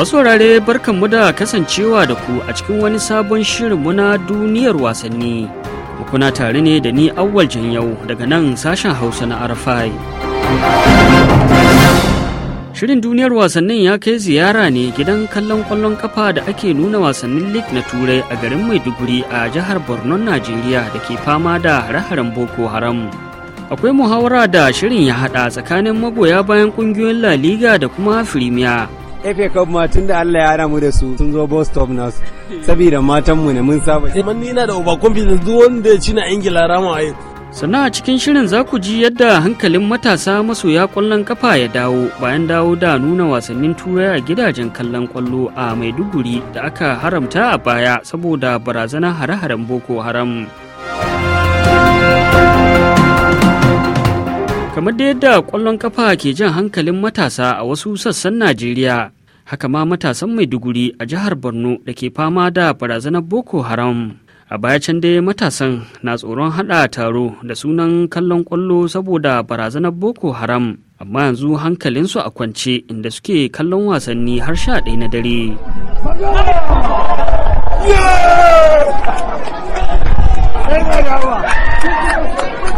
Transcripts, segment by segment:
Masu wurare barkanmu da kasancewa da ku a cikin wani sabon shirinmu na duniyar wasanni. Kuna tare ne da ni awwal yau daga nan sashen Hausa na Arafai. Shirin duniyar wasannin ya kai ziyara ne gidan kallon kwallon kafa da ake nuna wasannin League na Turai a garin Maiduguri a jihar Borno, Najeriya da ke fama da hare Boko Haram. Akwai muhawara da shirin ya haɗa tsakanin magoya bayan ƙungiyoyin La Liga da kuma Firimiya. efe Cup ma da Allah ya ramu da su sun zo Boston nas saboda matan mu ne mun saba eh, man nina da uba confidence duk wanda ya ci na Ingila rama ayi sannan a cikin shirin za ku ji yadda hankalin matasa masoya kwallon kafa ya dawo bayan dawo da nuna wasannin turai a gidajen kallon kwallo a maiduguri da aka haramta a baya saboda barazanar hare-haren boko haram kamar da yadda kwallon kafa ke jan hankalin matasa a wasu sassan najeriya haka ma matasan maiduguri a jihar borno da ke fama da barazanar boko haram a baya can dai matasan na tsoron hada taro da sunan kallon kwallo saboda barazanar boko haram amma yanzu hankalinsu a kwance inda suke kallon wasanni har sha ɗaya na dare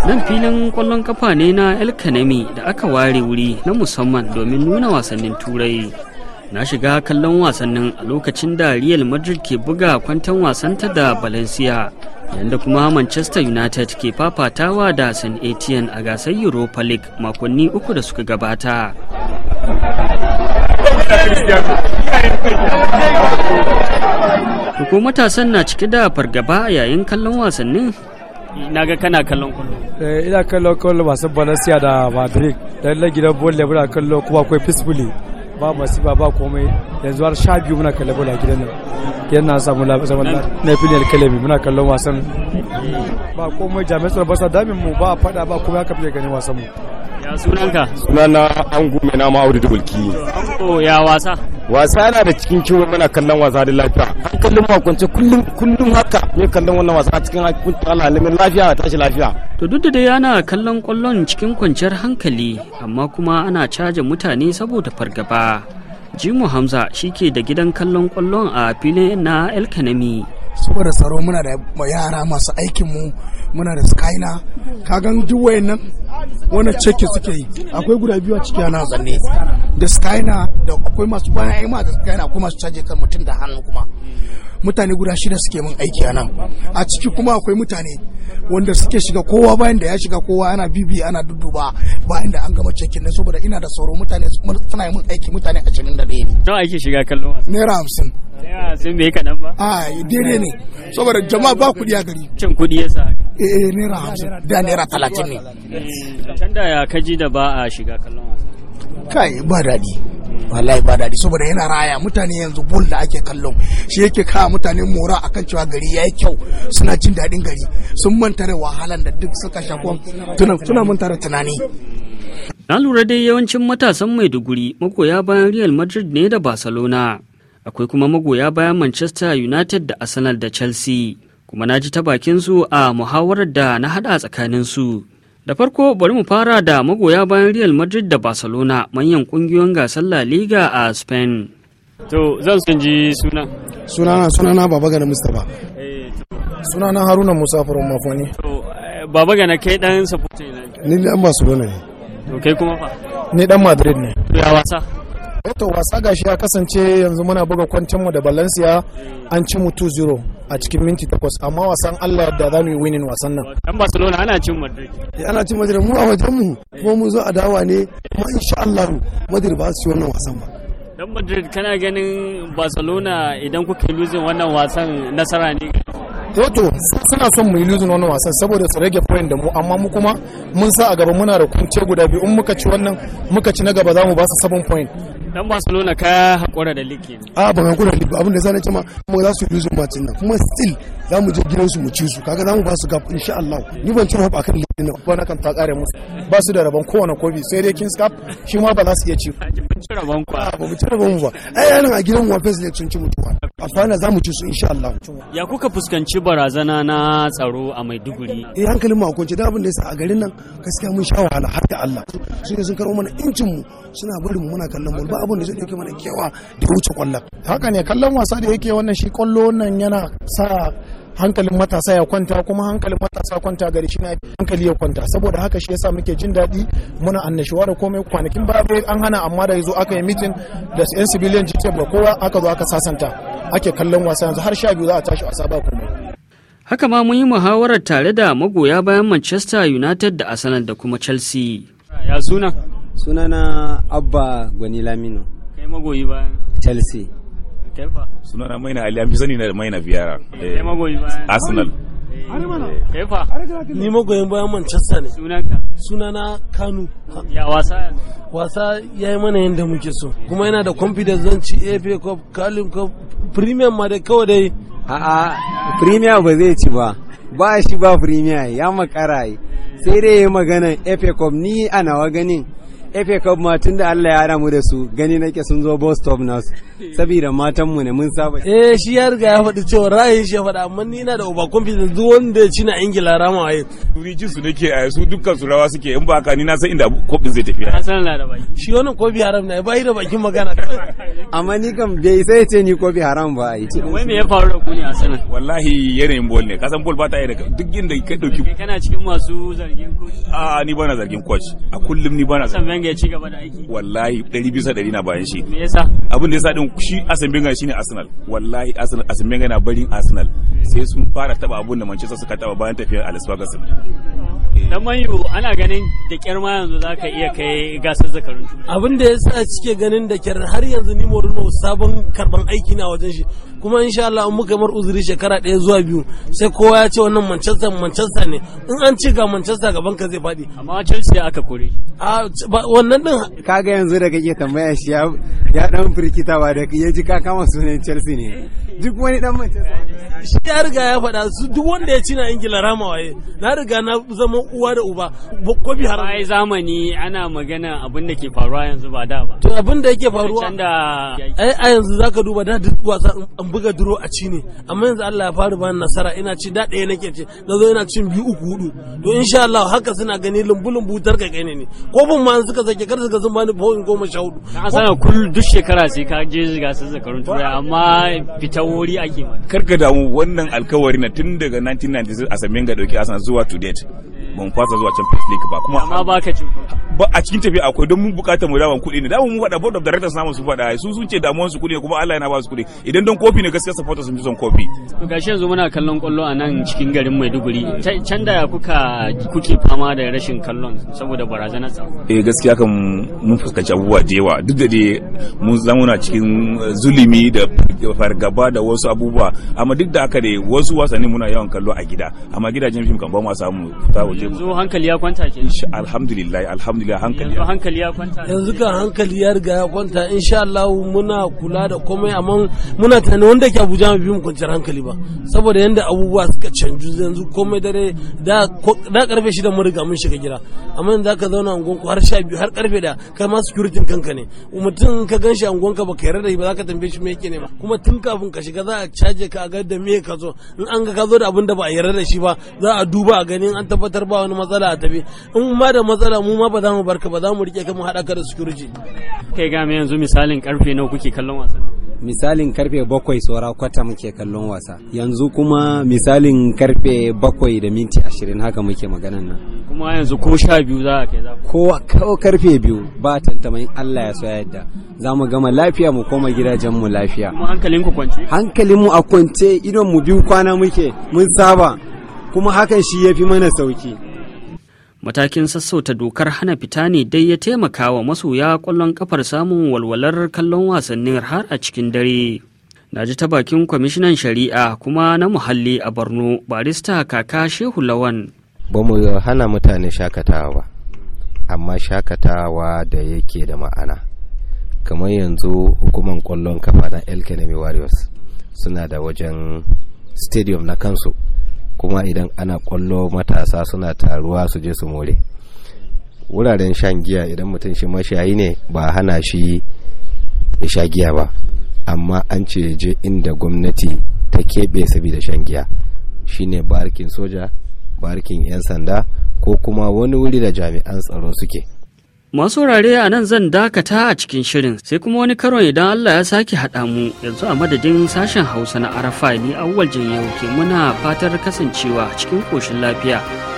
nan filin kwallon kafa ne na el kanami da aka ware wuri na musamman domin nuna wasannin turai na shiga kallon wasannin a lokacin da real madrid ke buga kwantan wasanta da valencia yadda kuma manchester united ke fafatawa da san etienne a gasar europa league makonni uku da suka gabata ko matasan na cike da fargaba yayin kallon wasannin na ga kana kallon kwallo eh, ina kallon kwallo masu valencia da madrid dan gidan bolle muna kallo kuma akwai peacefully ba masifa ba komai yanzu har sha biyu muna kalle bola gidan nan gidan na samu zaman na fi alkalami muna kallon wasan ba komai jami'ai tsaro ba sa damin mu ba fada ba komai aka fiye gani wasan mu ya sunanka na an gume na ma'audu da bulki o ya wasa wasa yana da cikin kiwon muna kallon wasa da lafiya hankalin makwance kullum kullum haka ne kallon wannan wasa cikin hakuncin alhalimin lafiya tashi lafiya to duk da dai ana kallon kwallon cikin kwanciyar hankali amma kuma ana caja mutane saboda fargaba jimu hamza shi ke da gidan kallon kwallon a filin na elkanami saboda tsaro muna da yara masu aikinmu muna da skyna kagan duk wayannan wannan cikin suke yi akwai guda biyu a ciki ana zanne da skyna da akwai masu bayan aima da skyna akwai masu caje kan mutum da hannu kuma mutane guda shida suke min aiki a nan a ciki kuma akwai mutane wanda suke shiga kowa bayan da ya shiga kowa ana bibi ana dudduba bayan da an gama cekin nan saboda ina da sauro mutane suna mun aiki mutane a 21 ne nawa ake shiga kallon wasan naira 50 sun bai kaɗan ba? A daidai ne, saboda jama'a ba kuɗi a gari. Cin kuɗi ya sa? Eh, eh, naira hamsin, da naira talatin ne. Eh, can da ya kaji da ba a shiga kallon wasa? Kai, ba daɗi. wallahi ba daɗi saboda yana raya mutane yanzu bol da ake kallo shi yake kawo mutane mora akan cewa gari yayi kyau suna jin daɗin gari sun manta da wahalan da duk suka shakon suna manta da tunani na lura dai yawancin matasan maiduguri magoya bayan real madrid ne da barcelona akwai kuma magoya bayan manchester united da arsenal da chelsea kuma na ji ta bakin su a muhawarar da na hada tsakanin su Da farko bari mu fara da magoya bayan Real Madrid da Barcelona manyan kungiyoyin gasar La Liga a Spain. To zan sun ji suna. Sunana sunana Baba Gana Mustapha. Eh, sunana Haruna Musa Faron Mafoni. To eh, Baba Gana kai dan support ne. Ni dan Barcelona ne. To kai kuma fa? Ni dan Madrid ne. Ya wasa. Eto eh, wasa gashi ya kasance yanzu muna buga kwancinmu da Valencia an ci mutu 0 a cikin minti takwas amma wasan Allah yadda za mu yi winin wasan nan. Dan Barcelona ana cin Madrid. Eh, ana cin Madrid mu a wajen mu kuma mu zo a dawa ne kuma insha Allah Madrid ba su ci wannan wasan ba. Dan Madrid kana ganin Barcelona idan kuka yi losing wannan wasan nasara ne Toto suna son mu yi losing wannan wasan saboda su rage point da mu amma mu kuma mun sa a gaba muna da kunce guda biyu in muka ci wannan muka ci na gaba za mu ba su 7 point dan barcelona ka hakura da liki a ah, ban hakura da abin da zan ce ma kuma za su yi matin nan kuma still za mu je gidansu mu ci su kaga za mu ba su gab insha Allah ni ban ci hope akan liki nan ba na kan ta kare musu ba su da rabon kowane kofi sai dai kings cup shi ma ba za su iya ci ba mu ci rabon ah, ba mu ci rabon mu ba ai nan a gidan mu face ne cin ci mutuwa amfana za mu ci su insha Allah. Ya kuka fuskanci barazana na tsaro a Maiduguri? Eh hankalin mu a kwance da abin da yasa a garin nan gaskiya mun sha wahala har ta Allah. Sun sun karo mana incin mu suna bari mu muna kallon mu. ba abin da zai dauke mana kewa da wuce kwallon. Haka ne kallon wasa da yake wannan shi kwallo nan yana sa hankalin matasa ya kwanta kuma hankalin matasa kwanta gari shi na hankali ya kwanta saboda haka shi yasa muke jin daɗi muna annashuwa da komai kwanakin ba baya an hana amma da yazo aka yi mitin da yan civilian jita ba kowa aka zo aka sasanta ake kallon wasa yanzu har sha biyu za a tashi wasa ba komai haka ma mun yi muhawarar tare da magoya bayan manchester united da arsenal da kuma chelsea ya suna na abba gwani lamino kai magoyi bayan chelsea Kai fa? Maina Ali, an fi sani na Maina Vieira. Eh, Arsenal. Eh, eh, ni magoyin bayan Manchester ne. Sunanka? Sunana Kanu. Ya wasa Wasa ya yi mana yadda muke so. Kuma yana da confidence zan ci AFA Cup, Carling Cup, Premium ma da kawai dai. A'a, Premium ba zai ci ba. Ba shi ba Premium, ya makara yi. Sai dai ya magana FA Cup ni a nawa ganin efe Cup ma tun da Allah ya hada mu da su gani nake sun zo Boston Nas saboda matan mu ne mun saba eh shi ya riga ya faɗi cewa ra'ayin shi ya faɗa amma ni na da over confidence duk wanda ya ci na Ingila rama yi. riji su nake a su dukkan su rawa suke in ba ka ni na san inda cup zai tafi na san na da baki shi wannan kofi haram ne bai da bakin magana amma ni kam bai sai ce ni kofi haram ba ai wai me ya faru da ku ne a sanan wallahi yanayin bol ne kasan bol ba ta yi da duk inda ka dauki kana cikin masu zargin coach a ni bana zargin coach a kullum ni bana zargin Binga ya ci gaba da aiki wallahi ɗari bisa 100 na bayan shi me yasa abin da yasa ɗin shi Arsene Binga shine Arsenal wallahi Arsenal Arsene Binga na barin Arsenal sai sun fara taɓa abun da Manchester suka taɓa bayan tafiyar Alex Ferguson eh. dan yiwu, ana ganin da kyar ma yanzu za ka iya kai gasar zakarun abin da yasa cike ganin da kyar har yanzu ni Mourinho sabon karɓan aiki na wajen shi kuma in sha Allah muka mar uzuri shekara ɗaya zuwa biyu sai kowa ya ce wannan Manchester Manchester ne in an ci ga Manchester gaban ka zai faɗi amma Chelsea aka kore a wannan din kaga yanzu da kake tambaya shi ya dan firkitawa da ya ji ka kama sunan Chelsea ne duk wani dan Manchester shi ya riga ya faɗa su duk wanda ya ci na Ingila rama waye na riga na zama uwa da uba kobi har ai zamani ana magana abin da ke faruwa yanzu ba da ba to abin da yake faruwa ai a yanzu zaka duba da duk wasa buga duro a ci ne amma yanzu Allah ya fara bani nasara ina ci da ɗaya nake ci na zo ina cin biyu uku hudu to insha Allah haka suna gani lumbu lumbu tarka kai ne ko bin ma suka sake kar suka sun bani bawin goma sha hudu an san kullum duk shekara sai ka je gasar zakarun turai amma fita wuri ake ma kar ka damu wannan alkawari na tun daga 1996 a samin ga dauki asan zuwa to date ban kwasa zuwa Champions League ba kuma amma ba ka ci ba a cikin tafiya akwai don mun bukatar mu daman kuɗi ne da mun faɗa board of directors namu su faɗa su sun ce damuwar su kuɗi kuma Allah yana ba su kuɗi idan don kofi ne gaskiya supporters sun ji son kofi to gashi yanzu muna kallon kwallo a nan cikin garin Maiduguri can da kuka kuke fama da rashin kallon saboda barazanar tsaro eh gaskiya kan mun fuskanci abubuwa da yawa duk da dai mun zamuna cikin eh, zulumi da fargaba da wasu abubuwa amma duk da haka dai wasu wasanni muna yawan kallo a gida amma gidajen fim kan ba mu samu fita waje yanzu hankali ya kwanta ke alhamdulillah alhamdulillah hankali yanzu hankali ya kwanta yanzu ga hankali ya riga ya kwanta insha Allah muna kula da komai amma muna tana wanda ke Abuja mu bi mu kwanciyar hankali ba saboda yanda abubuwa suka canju yanzu komai dare da da karfe shida mun riga mun shiga gida amma yanzu zaka zauna angon ku har sha biyu har karfe da kai ma security kanka ne mutum ka ganshi angon ka baka yarda da shi ba zaka tambaye shi me yake ne ba kuma tun kafin ka shiga za a caje ka ga da me ka zo in an ga ka zo da abin da ba a yarda da shi ba za a duba a gani an tabbatar ba wani matsala a tafi in ma da matsala mu ma ba za mu barka ba za mu rike ka mu ka da security kai ga yanzu misalin karfe nawa kuke kallon wasa. misalin karfe bakwai saura kwata muke kallon wasa yanzu kuma misalin karfe bakwai da minti ashirin haka muke maganan nan kuma yanzu ko sha biyu za a kai za kowa kawo karfe biyu ba tantamai Allah ya so ya yadda za mu gama lafiya mu koma gidajen mu lafiya kuma ku kwance hankalin mu a kwance idon mu biyu kwana muke mun saba kuma hakan shi ya fi mana sauki matakin sassauta dokar hana fita ne dai ya taimaka wa masoya kwallon kafar samun walwalar kallon wasannin har a cikin dare na ji ta bakin kwamishinan shari'a kuma na muhalli a borno barista kaka shehu lawan ba mu hana mutane shakatawa ba amma shakatawa da yake da ma'ana kamar yanzu hukumar kwallon kafa na elkanemi warriors suna da wajen stadium na kansu kuma idan ana kwallo matasa suna taruwa su je su more wuraren shan giya idan mutum shi mashayi ne ba hana shi ya sha giya ba amma an ce je inda gwamnati ta keɓe saboda shan giya shine barkin soja barkin 'yan sanda ko kuma wani wuri da jami'an tsaro suke Masu wurare a nan zan dakata a cikin shirin sai kuma wani karon idan Allah ya sake haɗa mu yanzu a madadin sashen Hausa na Arafa ni awwal yau ke muna fatar kasancewa cikin koshin lafiya.